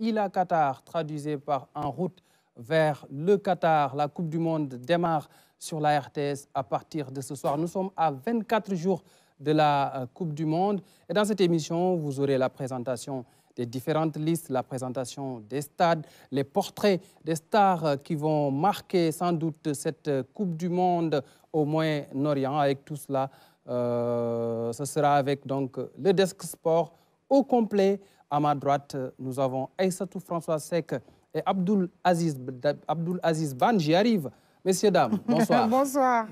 Il a Qatar, traduisé par En route vers le Qatar. La Coupe du Monde démarre sur la RTS à partir de ce soir. Nous sommes à 24 jours de la euh, Coupe du Monde. Et dans cette émission, vous aurez la présentation des différentes listes, la présentation des stades, les portraits des stars euh, qui vont marquer sans doute cette euh, Coupe du Monde au Moyen-Orient. Avec tout cela, ce sera avec donc le Desk Sport au complet. À ma droite, euh, nous avons Aïssatou François Sek et Abdul Aziz, Abdul Aziz Ban. J'y arrive. Messieurs, dames, bonsoir. bonsoir.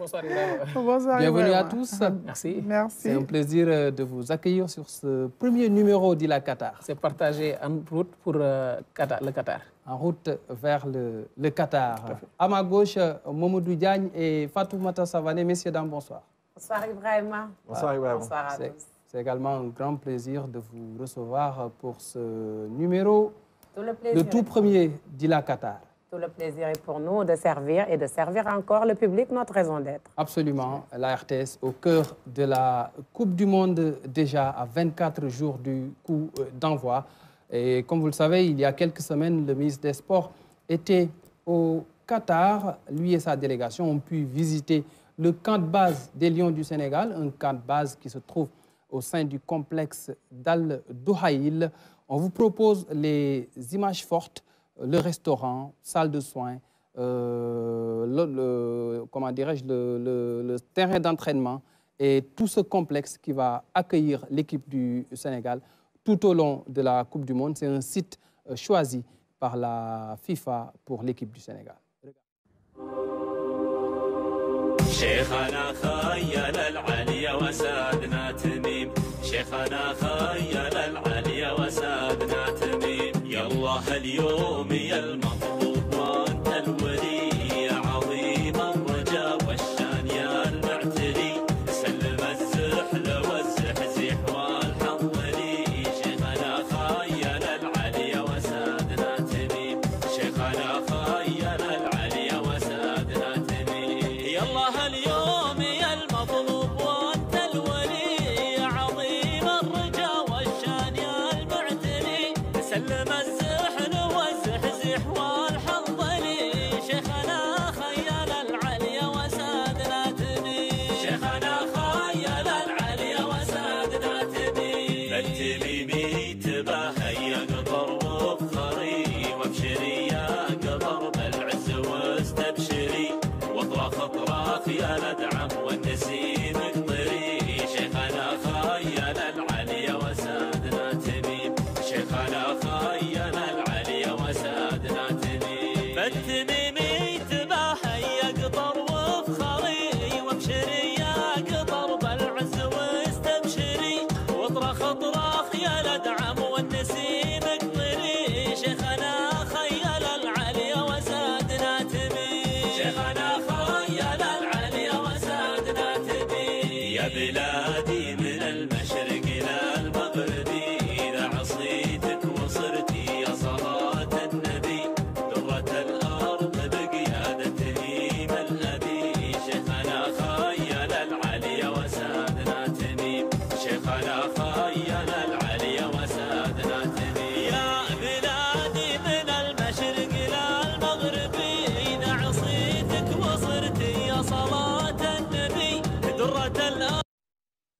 Bonsoir, Bienvenue à tous. Merci. Merci. C'est un plaisir euh, de vous accueillir sur ce premier numéro d'Ila Qatar. C'est partagé en route pour euh, le Qatar. En route vers le, Qatar. À, ma gauche, Momodou Diagne et Fatou Mata Messieurs, dames, bonsoir. Bonsoir Ibrahima. Bonsoir Ibrahima. Bonsoir à tous. C'est également un grand plaisir de vous recevoir pour ce numéro, de tout premier d'Ila Qatar. Tout le plaisir est pour nous de servir et de servir encore le public, notre raison d'être. Absolument. La RTS au cœur de la Coupe du Monde, déjà à 24 jours du coup euh, d'envoi. Et comme vous le savez, il y a quelques semaines, le ministre des Sports était au Qatar. Lui et sa délégation ont pu visiter le camp de base des Lions du Sénégal, un camp de base qui se trouve au sein du complexe dal On vous propose les images fortes, euh, le restaurant, salle de soins, euh, le, comment dirais-je, le, terrain d'entraînement et tout ce complexe qui va accueillir l'équipe du Sénégal tout au long de la Coupe du Monde. C'est un site euh, choisi par la FIFA pour l'équipe du Sénégal. شيخنا خيل العليا وسادنا تميم يا الله اليوم يا المطلوب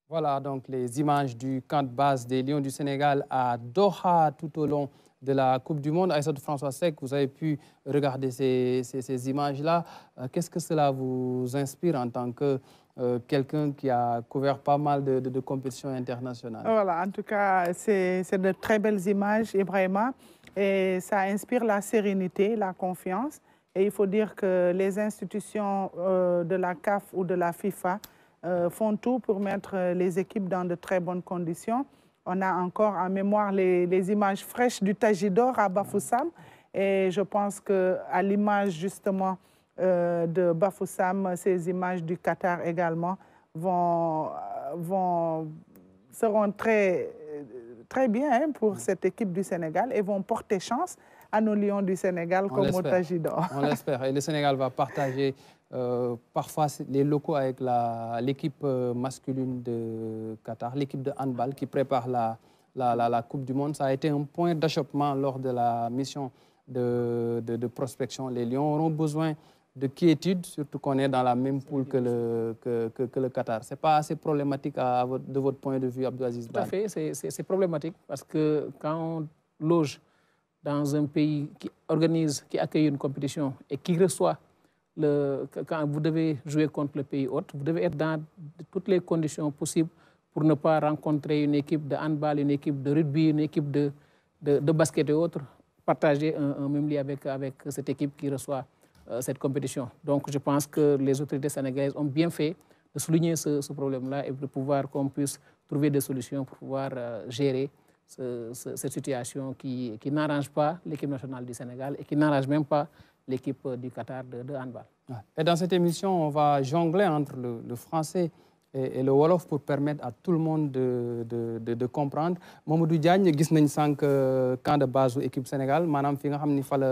Voilà donc les images du camp de base des Lions du Sénégal à Doha tout au long de la Coupe du Monde. de François Sec, vous avez pu regarder ces images-là. Euh, qu'est-ce que cela vous inspire en tant que euh, quelqu'un qui a couvert pas mal de, compétitions internationales. Voilà, en tout cas, c'est de très belles images, Ibrahima. Et ça inspire la sérénité, la confiance. Et il faut dire que les institutions euh, de la CAF ou de la FIFA euh, font tout pour mettre les équipes dans de très bonnes conditions. On a encore en mémoire les, les images fraîches du Tajidor à Bafoussam. Et je pense qu'à l'image justement euh, de Bafoussam, ces images du Qatar également vont, euh, vont, seront très, très bien hein, pour mm. cette équipe du Sénégal et vont porter chance à nos lions du Sénégal comme comme Otajidor. On l'espère. Et le Sénégal va partager euh, parfois les locaux avec l'équipe masculine de Qatar, l'équipe de handball qui prépare la, Coupe du Monde. Ça a été un point d'achoppement lors de la mission de prospection. Les Lions auront besoin de quiétude, surtout qu'on est dans la même poule que le, que, le Qatar. Ce n'est pas assez problématique de votre point de vue, Abdelaziz Tout à fait, c'est problématique parce que quand on loge dans un pays qui organise, qui accueille une compétition et qui reçoit, le, quand vous devez jouer contre le pays hôte, vous devez être dans toutes les conditions possibles pour ne pas rencontrer une équipe de handball, une équipe de rugby, une équipe de, de, basket et autres, partager un, même lit avec, avec cette équipe qui reçoit euh, cette compétition. Donc je pense que les autorités sénégalaises ont bien fait de souligner ce, problème-là et de pouvoir qu'on puisse trouver des solutions pour pouvoir euh, gérer cette situation qui, n'arrange pas l'équipe nationale du Sénégal et qui n'arrange même pas l'équipe du Qatar de, de handball. Et dans cette émission, on va jongler entre le, le français et, et, le wolof pour permettre à tout le monde de, de, de, de comprendre Mamadou Diagne gis nañ sànq euh, camp de base u équipe Sénégal Madame fi nga avons ni fa la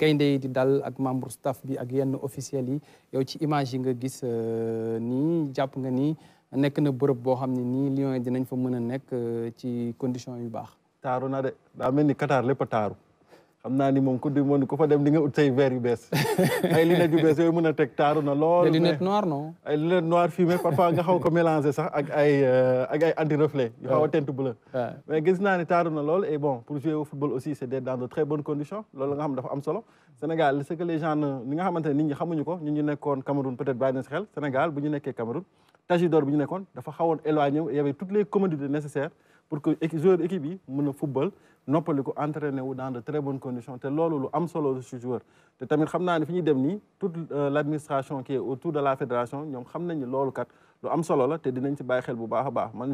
gaynde yi di dal ak membre staff bi ak yenn officiel yi yow ci image yi nga gis euh, ni japp nga ni nek na bërëb bo xamni ne lion Lions yi dinañ fa mëna nek euh, ci condition yu bax taaru na de da melni Qatar lépp taru xam naa ni moom ku di mën ku fa dem di nga ut say verre yu ay lunettes yu bees yooyu mën a teg taaru na lool. des lunettes noires non. parfois nga xaw ko mélanger sax ak ay euh, ak ay anti a teinte bleue. mais gis naa ni taaru na lool et bon pour jouer au football aussi c' est dans de très bonnes conditions loolu nga xam dafa am solo. Sénégal c'est que les gens nga xamante ne nit ñi xamuñu ko ñu ñu nekkoon Cameroun peut-être bàyyi xel Sénégal bu ñu nekkee Cameroun. Il y avait toutes les commodités nécessaires pour que les joueurs yi football pas puissent dans de très bonnes conditions C'est ce lu am solo joueur te tamit xam naa ne toute euh, l'administration qui est autour de la fédération ñoom xam nañu loolu kat lu am solo la té dinañ ci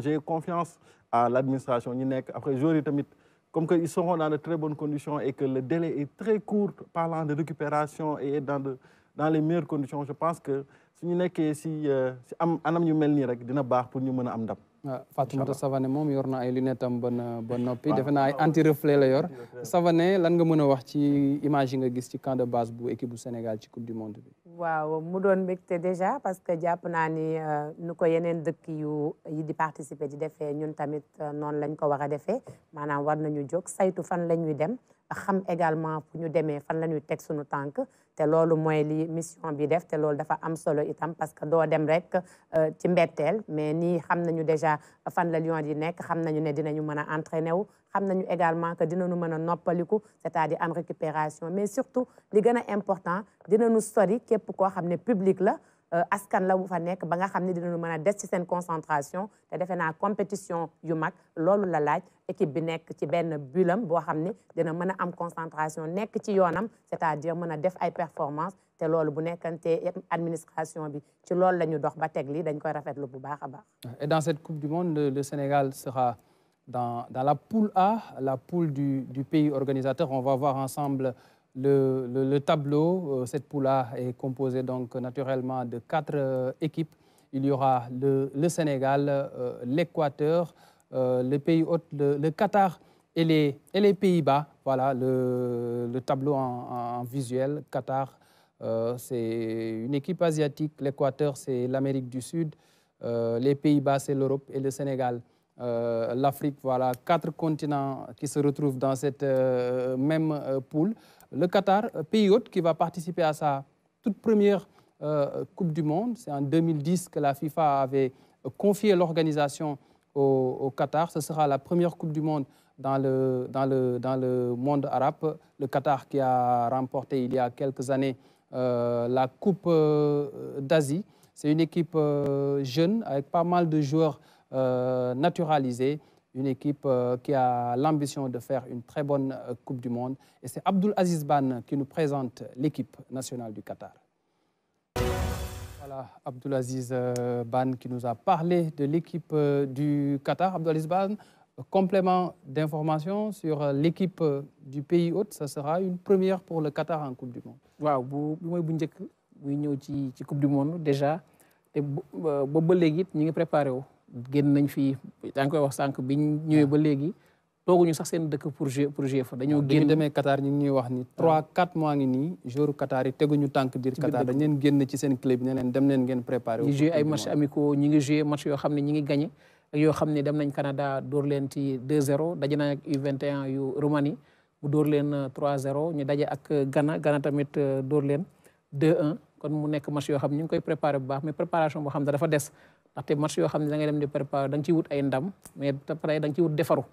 j'ai confiance à l'administration. après joueurs tamit comme que ils seront dans de très bonnes conditions et que le délai est très court parlant de récupération et dans de dans les meilleures conditions je pense que ñu nekkee si euh, si am anam ñu mel nii rek dina baax pour ñu mën a am ndam ah, Fatoumata Savané moom yor na ay lunettes am ba ba noppi defe naa ay anti reflet la yor Savané lan nga mën a wax ci images yi nga gis ci camp de base bu équipe bu Sénégal ci coupe du monde bi waaw mu doon mbégte déjà parce que jàpp naa ni euh, nu ko yeneen dëkk yu yi di participer di defee ñun tamit euh, noonu lañ ko war a defee maanaam war nañu jóg saytu fan la ñuy dem xam également fu ñu démé fan la ñuy suñu tank té loolu moy li mission bi def dafa am parce que dem rek euh, ci mais ni déjà fan la lion nous dinañu wu nous également que dinañu noppaliku c'est-à-dire am récupération mais surtout li important dinañu sori képp pourquoi xamné public euh, askan la bu fa nek ba nga xamni dina ñu mëna dess ci sen concentration te defe na compétition yu mag loolu la laaj équipe bi nek ci ben bulam bo xamni dina mëna am concentration nek ci yonam c'est-à-dire mëna def ay performance te loolu bu nekkante administration bi ci loolu la dox ba teg lii dañ koy rafetlu bu baaxa baax. Et dans cette Coupe du Monde le Sénégal sera dans dans la poule A la poule du du pays organisateur on va voir ensemble. Le, tableau, euh, cette poule-là est composée donc naturellement de quatre euh, équipes. Il y aura le, Sénégal, euh, l'Équateur, le Qatar et les, Pays-Bas. Voilà le, tableau en, visuel. Qatar, c'est une équipe asiatique. L'Équateur, c'est l'Amérique du Sud. les Pays-Bas, c'est l'Europe et le Sénégal. L'Afrique, voilà, quatre continents qui se retrouvent dans cette même poule. Le Qatar, euh, pays hôte, qui va participer à sa toute première euh, Coupe du Monde. C'est en 2010 que la FIFA avait euh, confié l'organisation au, Qatar. Ce sera la première Coupe du Monde dans le, dans le, monde arabe. Le Qatar qui a remporté il y a quelques années la Coupe d'Asie. C'est une équipe jeune avec pas mal de joueurs naturalisés une équipe euh, qui a l'ambition de faire une très bonne euh, Coupe du Monde. Et c'est Abdul Aziz Ban qui nous présente l'équipe nationale du Qatar. Voilà, Abdulaziz euh, Ban qui nous a parlé de l'équipe du Qatar. Abdulaziz Ban, complément d'information sur l'équipe du pays hôte, ça sera une première pour le Qatar en Coupe du Monde. Wow, vous Coupe du Monde déjà et ba ba préparé génn nañ fi dañ koy e wax sànq biñ ñëwee yeah. ba léegi toguñu sax seen dëkk pour jeu pour jeu e fa dañoo ya, génn demee Qatar ñu ngi wax ni 3 4 mois ngi ni jour Qatar yi teguñu tank dir Qatar dañ leen génn ci seen club ñeneen dem leen ngeen préparer ñu jouer ay match amico ñi ngi jouer match yoo xam ne ñi ngi gagné ak yoo xam ne dem nañ Canada door leen ci 2-0 dajé nañ ak U21 yu Roumanie mu door leen 3-0 ñu dajé ak Ghana Ghana tamit euh, door leen 2-1 kon mu nekk match yoo xam ñu ngi koy préparé bu baax mais préparation boo xam ne dafa des ndaxte match yoo xam ne da ngay dem di préparé da nga wut ay ndam mais après da nga ciy wut defaru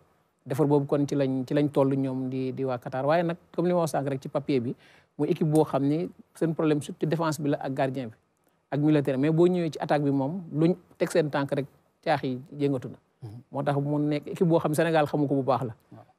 defar boobu kon ci lañ ci toll ñoom di di waa Qatar waaye nag comme li ma wax sànq rek ci papier boo xam ni seen problème surtout défense bi la ak gardien bi ak mais boo ñëwee ci attaque bi moom luñ teg seen tànk rek caax yi yëngatu na mhm. moo tax mu nekk équipe boo xam Sénégal xamu ko bu baax la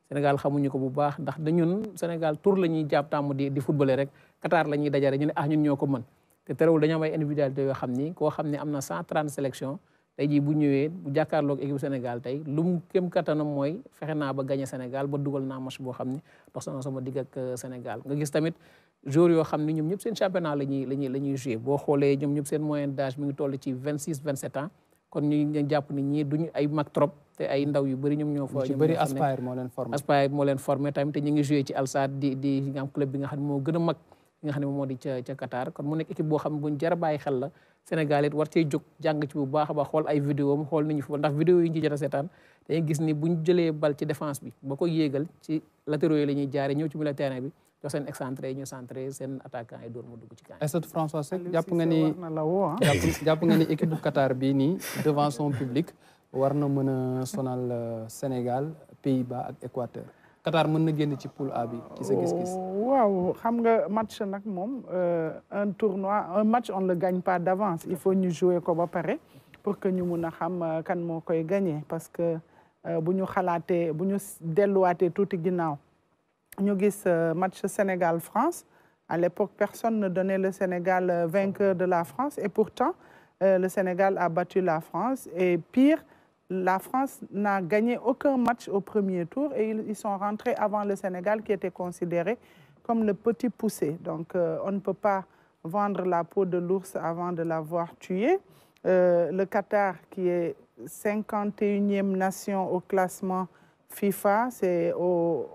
Sénégal xamuñu ko bu baax ndax dañun Sénégal tour la ñuy jàpp tàmm di di footballé rek Qatar la ñuy dajare ñu ne ah ñun ñoo ko mën te terewul dañoo am ay individualité yoo xam ni koo xam ne am na 130 sélection tey jii bu ñëwee bu jàkkaarloog équipe Sénégal tey lu mu kéem kattanam mooy fexe naa ba gagné Sénégal ba dugal naa match boo xam ne dox na sama digg ak euh, nga gis tamit joueurs yoo xam ne ñoom ñëpp seen championnat la ñuy la ñuy la ñuy joué boo xoolee ñoom ñëpp seen moyenne d'âge mi ngi toll ci 26 27 ans kon ñu ngi jàpp ni ñii duñu ay mag trop te ay ndaw yu bëri ñoom ñoo fa ci bëri te ñu ngi joué ci bi nga xam moo gën a mag nga xam ne moom moo di ca ca Qatar kon mu nekk équipe boo xam buñ jar a bàyyi xel la Sénégal it war cee jóg jàng ci bu baax a baax xool ay vidéo am xool nañu football ndax vidéo yi ñu ci jot a seetaan dañuy gis ni buñ jëlee bal ci défense bi ba ko yéegal ci latéraux yi la ñuy jaare ñëw ci milieu terrain bi jox seen excentré ñu centré seen attaquant yi dóor mu dugg ci kan est-ce que François Seck ah. jàpp nga ni jàpp nga bii nii devant son war na mën a sonal euh, Sénégal Pays-Bas ak Équateur Qatar mën na ci poule A bi ci oh, xam nga match nag moom euh, un tournoi un match on le gagne pas d'avance il faut ñu jouer ko ba pare pour que ñu mun a xam euh, kan moo koy gagner parce que euh, bu ñu xalaatee bu ñu delluwaatee tuuti ginnaaw ñu gis match Sénégal France à l'époque personne ne donnait le Sénégal vainqueur de la France et pourtant le Sénégal a battu la France et pire la France n'a gagné aucun match au premier tour et ils, sont rentrés avant le Sénégal qui était considéré comme le petit poussé. Donc euh, on ne peut pas vendre la peau de l'ours avant de l'avoir tué. Euh, le Qatar qui est 51e nation au classement FIFA, c'est au,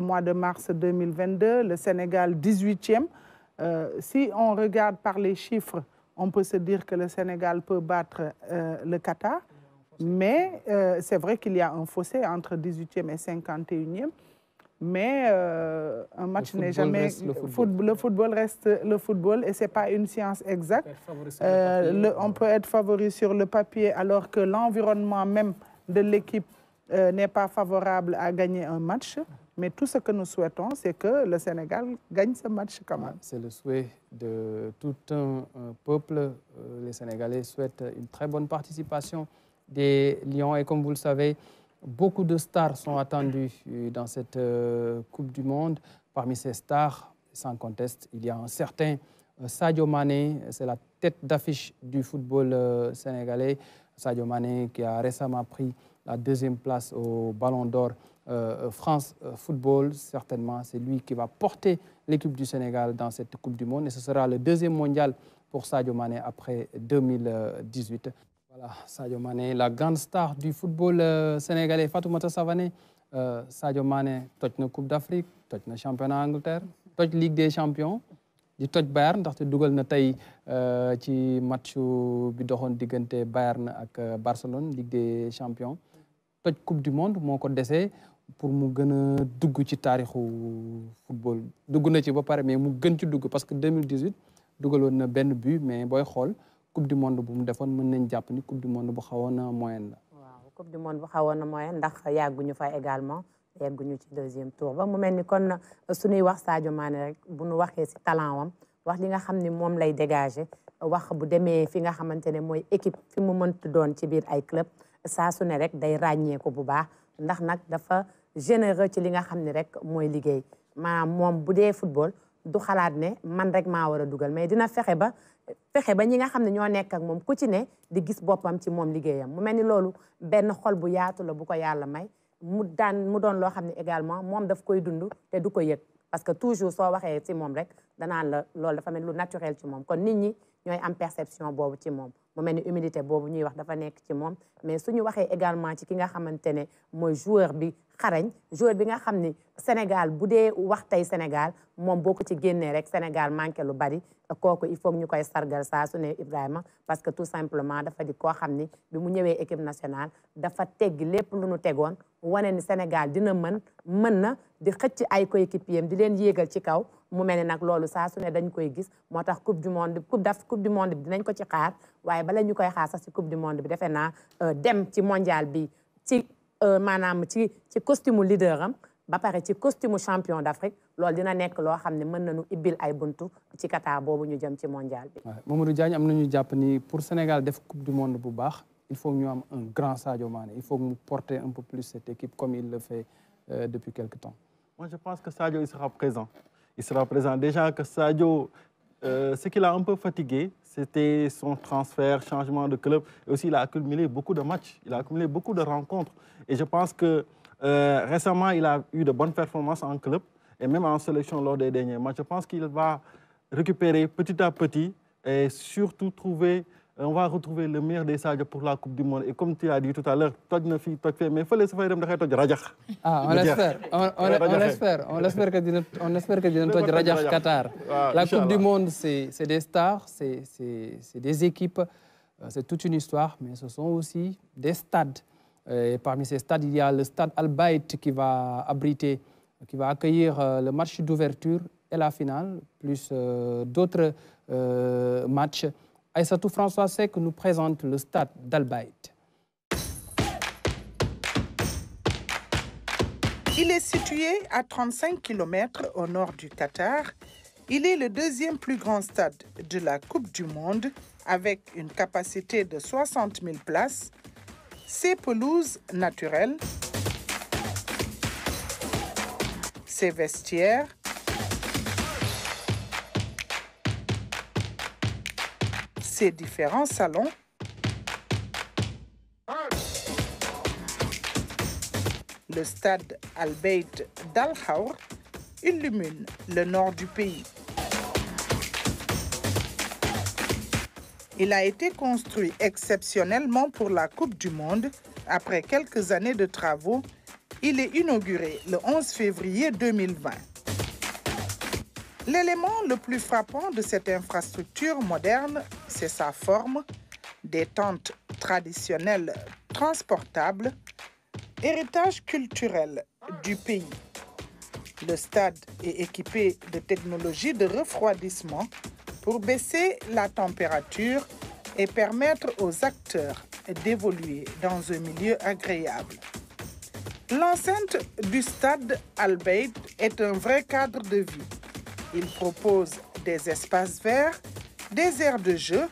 mois de mars 2022, le Sénégal 18e. Euh, si on regarde par les chiffres, on peut se dire que le Sénégal peut battre le Qatar. Mais euh, c'est vrai qu'il y a un fossé entre 18e et 51e. Mais euh, un match n'est jamais. le, football. reste le football et ce n'est pas une science exacte. Euh, on peut être favori sur le papier alors que l'environnement même de l'équipe n'est pas favorable à gagner un match. Mais tout ce que nous souhaitons, c'est que le Sénégal gagne ce match quand même. C'est le souhait de tout un peuple. Les Sénégalais souhaitent une très bonne participation des Lions. Et comme vous le savez, beaucoup de stars sont attendues euh, dans cette euh, Coupe du Monde. Parmi ces stars, sans conteste, il y a un certain euh, Sadio Mané, c'est la tête d'affiche du football sénégalais. Sadio Mané qui a récemment pris la deuxième place au Ballon d'Or France Football. Certainement, c'est lui qui va porter l'équipe du Sénégal dans cette Coupe du Monde. Et ce sera le deuxième mondial pour Sadio Mané après 2018. Voilà, Sadio Mané, la grande star du football euh, sénégalais. Fatoumata Savané, euh, Sadio Mané, toute la Coupe d'Afrique toute championne championnat Angleterre la Ligue des champions toute toj Bayern ndaxte Dougal na tey euh, ci match bi doxoon diggante Bayern euh, Barcelone Ligue des champions la Coupe du monde mon code d'essai, pour mu gën a dugg ci taarixu football dugg na ci ba mais mu gën ci dugg parce que 2018 dugaloon na benn but mais bon xool coupe du monde bu mu defoon mën nañ jàpp ni coupe du monde bu xawoon a moyenne la. waaw coupe du monde bu xawoon a moyenne ndax yàgguñu fa également yàgguñu ci deuxième tour ba mu mel ni kon suñuy wax Sadio Mané rek bu nu waxee si talent wam wax li nga xam ni moom lay dégager wax bu demee fi nga xamante ne mooy équipe fi mu mënti doon ci biir ay club saa su ne rek day ràññee ko bu baax ndax nag dafa généreux ci li nga xam ni rek mooy liggéey maanaam moom bu dee football. du xalaat ne man rek maa war a dugal mais dina fexe ba fexe ba ñi nga xam ne ñoo nekk ak moom ku ci ne di gis boppam ci moom liggéeyam mu mel ni loolu benn xol bu yaatu la bu ko yàlla may mu daan mu doon loo xam ne également moom daf koy dund te du ko yëg parce que toujours soo waxee ci moom rek danaan la loolu dafa mel lu naturel ci moom kon nit ñi ñooy am perception boobu ci moom mu mel ni humidité boobu ñuy wax dafa nekk ci moom mais suñu waxee également ci ki nga xamante ne mooy joueur bi xarañ joueur bi nga xam ni Sénégal bu dee wax tey Sénégal moom boo ko ci génnee rek Sénégal manqué lu bari kooku il faut ñu koy sargal saa su ne Ibrahima parce que tout simplement dafa di koo xam ni bi mu ñëwee équipe nationale dafa teggi lépp lu nu tegoon wane ni Sénégal dina mën mën na di xëcc ay coéquipiers di leen yéegal ci kaw mu mel ne nag loolu saa su dañ koy gis coupe du monde coupe daf coupe du monde bi dinañ ko ci xaar waaye bala ñu koy xaar ci coupe du monde bi euh, dem ci mondial bi ci euh, manam ci ci costume leader am ba pare ci costume champion d'Afrique loolu dina nekk loo xam ne mën nañu ibbil ay buntu ci Qatar boobu ñu jëm ci mondial bi. waaw Mamadou Diagne am nañu jàpp ni pour Sénégal def coupe du monde bu baax il faut ñu am un grand Sadio Mané il faut mu porter un peu plus cette équipe comme il le fait euh, depuis quelque temps. moi je pense que Sadio il sera présent il sera présent. Déjà que Sadio, euh, ce qui l'a un peu fatigué, c'était son transfert, changement de club. Et aussi, il a accumulé beaucoup de matchs, il a accumulé beaucoup de rencontres. Et je pense que euh, récemment, il a eu de bonnes performances en club et même en sélection lors des derniers matchs. Je pense qu'il va récupérer petit à petit et surtout trouver euh, on va retrouver le meilleur des sages pour la Coupe du Monde. Et comme tu as dit tout à l'heure, toi na fii toj fait, mais il faut fay dem ah on l'espère on l'espère on l'espère que tu on espère que Qatar. la Coupe du Monde c'est des stars c'est des équipes euh, c'est toute une histoire mais ce sont aussi des stades. Euh, et parmi ces stades il y a le stade Al Bayt qui va abriter qui va accueillir le match d'ouverture et la finale plus d'autres matchs. Aïssatou François Seck nous présente le stade d'Albaïd. Il est situé à 35 km au nord du Qatar. Il est le deuxième plus grand stade de la Coupe du Monde avec une capacité de 60 000 places. Ses pelouses naturelles, ses vestiaires, ses différents salons. Le stade Albeit dal illumine le nord du pays. Il a été construit exceptionnellement pour la Coupe du Monde. Après quelques années de travaux, il est inauguré le 11 février 2020. L'élément le plus frappant de cette infrastructure moderne c'est sa forme, des tentes traditionnelles transportables, héritage culturel du pays. Le stade est équipé de technologies de refroidissement pour baisser la température et permettre aux acteurs d'évoluer dans un milieu agréable. L'enceinte du stade Albeit est un vrai cadre de vie. Il propose des espaces verts des aires de jeu,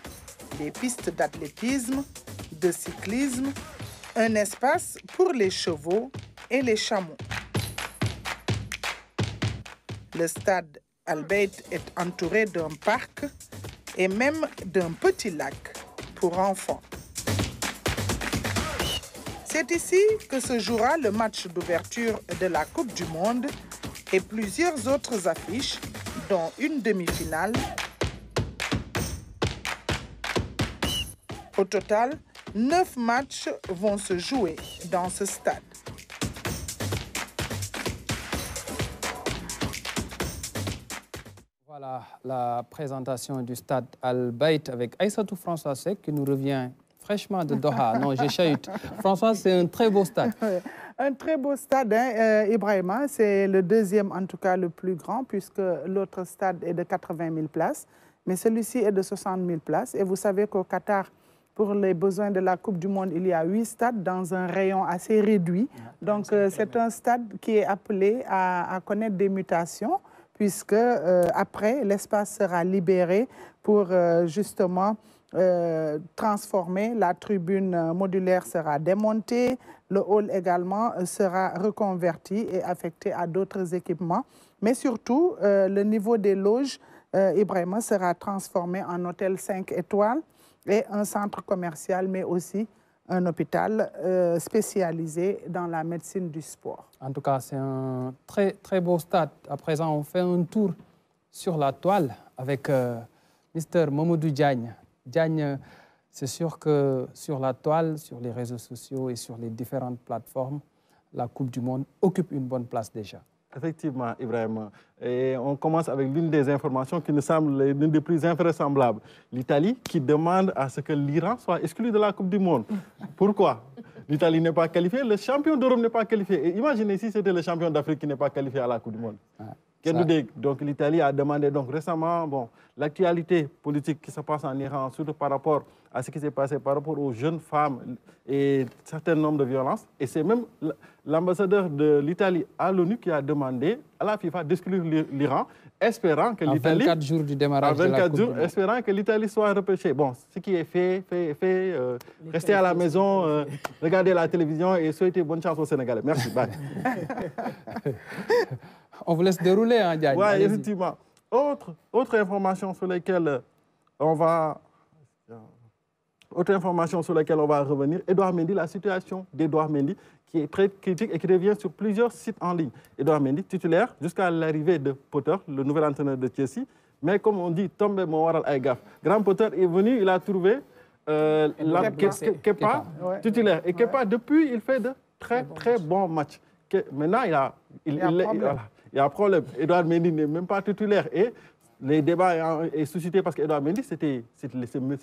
des pistes d'athlétisme, de cyclisme, un espace pour les chevaux et les chameaux. Le stade Albert est entouré d'un parc et même d'un petit lac pour enfants. C'est ici que se jouera le match d'ouverture de la Coupe du Monde et plusieurs autres affiches, dont une demi-finale Au total, neuf matchs vont se jouer dans ce stade. Voilà la présentation du stade Al-Bayt avec Aïssatou François qui nous revient fraîchement de Doha. Non, j'ai François, c'est un très beau stade. Un très beau stade, hein, euh, Ibrahima. C'est le deuxième, en tout cas, le plus grand, puisque l'autre stade est de 80 000 places. Mais celui-ci est de 60 000 places. Et vous savez qu'au Qatar, pour les besoins de la Coupe du Monde, il y a huit stades dans un rayon assez réduit. Ah, Donc, euh, c'est un stade qui est appelé à, connaître des mutations puisque euh, après, l'espace sera libéré pour euh, justement transformer. La tribune modulaire sera démontée, le hall également sera reconverti et affecté à d'autres équipements. Mais surtout, le niveau des loges, Ibrahima, sera transformé en hôtel 5 étoiles et un centre commercial, mais aussi un hôpital euh, spécialisé dans la médecine du sport. En tout cas, c'est un très, très beau stade. À présent, on fait un tour sur la toile avec M. Euh, Mr. Momodou Diagne. Diagne, c'est sûr que sur la toile, sur les réseaux sociaux et sur les différentes plateformes, la Coupe du Monde occupe une bonne place déjà. Effectivement, Ibrahim. Et on commence avec l'une des informations qui nous semble l'une des plus invraisemblables. L'Italie qui demande à ce que l'Iran soit exclu de la Coupe du Monde. Pourquoi L'Italie n'est pas qualifiée, le champion d'Europe n'est pas qualifié. Et imaginez si c'était le champion d'Afrique qui n'est pas qualifié à la Coupe du Monde. Donc l'Italie a demandé donc récemment bon, l'actualité politique qui se passe en Iran, surtout par rapport à ce qui s'est passé par rapport aux jeunes femmes et certains nombres de violences. Et c'est même l'ambassadeur de l'Italie à l'ONU qui a demandé à la FIFA d'exclure l'Iran, espérant que l'Italie... jours du démarrage de la coupe espérant que l'Italie soit repêchée. Bon, ce qui est fait, fait, fait. Euh, restez à la maison, euh, regardez la télévision et souhaitez bonne chance au Sénégalais. Merci, bye. On vous laisse dérouler, hein, Diagne. Oui, effectivement. Autre, autre information sur laquelle euh, on va... Euh, autre information sur laquelle on va revenir, Edouard Mendy, la situation d'Edouard Mendy qui est très critique et qui revient sur plusieurs sites en ligne. Edouard Mendy, titulaire jusqu'à l'arrivée de Potter, le nouvel entraîneur de Chelsea. Mais comme on dit, tombe mon waral aïgaf. Grand Potter est venu, il a trouvé euh, la, Kepa, titulaire. Et Kepa, depuis, il fait de très, très bons matchs. Maintenant, il a... Il, il y a un problème. Edouard Mendy n'est même pas titulaire. Et les débats sont suscités parce qu'Edouard Mendy, c'est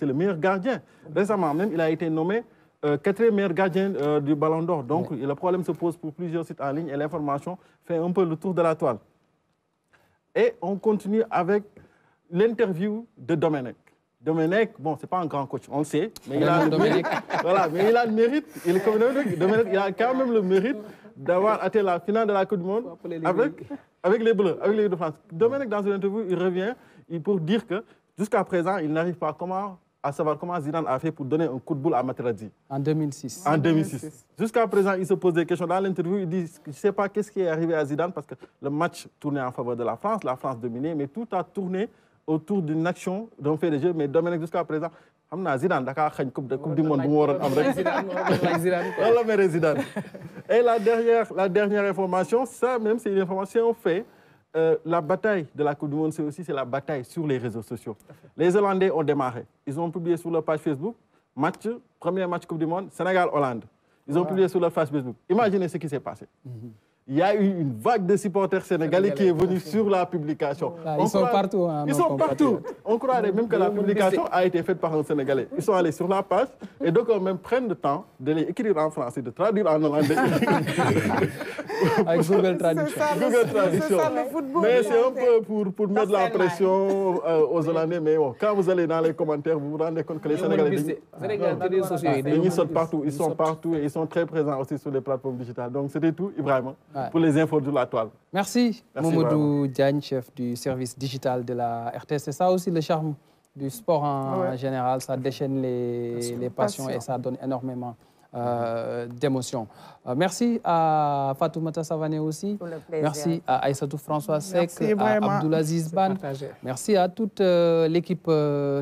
le meilleur gardien. Récemment même, il a été nommé euh, quatrième meilleur gardien euh, du Ballon d'Or. Donc, le problème se pose pour plusieurs sites en ligne et l'information fait un peu le tour de la toile. Et on continue avec l'interview de Domenech. Domenech, bon, c'est pas un grand coach, on le sait, mais il a le mérite. voilà, mais il a mérite. Il, il a quand même le mérite d'avoir atteint la finale de la Coupe du Monde avec, avec les Bleus, avec les de France. Dominique, dans une interview, il revient pour dire que jusqu'à présent, il n'arrive pas comment, à savoir comment Zidane a fait pour donner un coup de boule à Materazzi. En 2006. En 2006. Jusqu'à présent, il se pose des questions. Dans l'interview, il dit je ne sais pas qu'est-ce qui est arrivé à Zidane parce que le match tournait en faveur de la France, la France dominait, mais tout a tourné autour d'une action dont fait des jeu. mais Dominique, jusqu'à présent a un Zidane da coupe du monde résident, Zidane. – et la dernière la dernière information ça même c'est une information fait euh, la bataille de la coupe du monde c'est aussi c'est la bataille sur les réseaux sociaux. les Hollandais ont démarré ils ont publié sur leur page Facebook match premier match coupe du monde Sénégal Hollande. ils ont publié sur leur page Facebook imaginez ce qui s'est passé. Mhm il y a eu une vague de supporters sénégalais qui est venue sur la publication. ils, hein, sont partout, ils sont partout. On croirait même que la publication a été faite par un Sénégalais. Ils sont allés sur la page et donc on même prennent le temps de les écrire en français, de traduire en hollandais. Avec Google Traduction. Google Traduction. mais c'est un peu pour, pour mettre la pression euh, aux Hollandais. Mais quand vous allez dans les commentaires, vous vous rendez compte que les Sénégalais... Ah, ils sont partout, ils sont partout et ils sont très présents aussi sur les plateformes digitales. Donc c'était tout, Ibrahim pour les infos de la toile. Merci, Momodou Diagne, chef du service digital de la RTS. C'est ça aussi le charme du sport en ah général. Ça déchaîne les, les passions et ça donne énormément. Euh, d'émotions. Euh, merci à Fatoumata Savané aussi. Merci à Aïssatou François Sek, à Abdoulaziz Ban. Merci à toute euh, l'équipe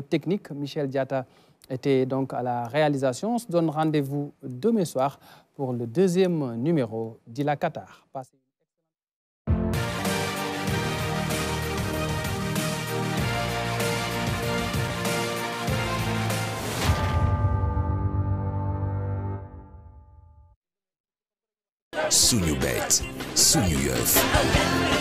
technique. Michel Diata était donc à la réalisation. On se donne rendez-vous demain soir pour le deuxième numéro d'Ila Qatar. Sous New Bête, Sous New Youth.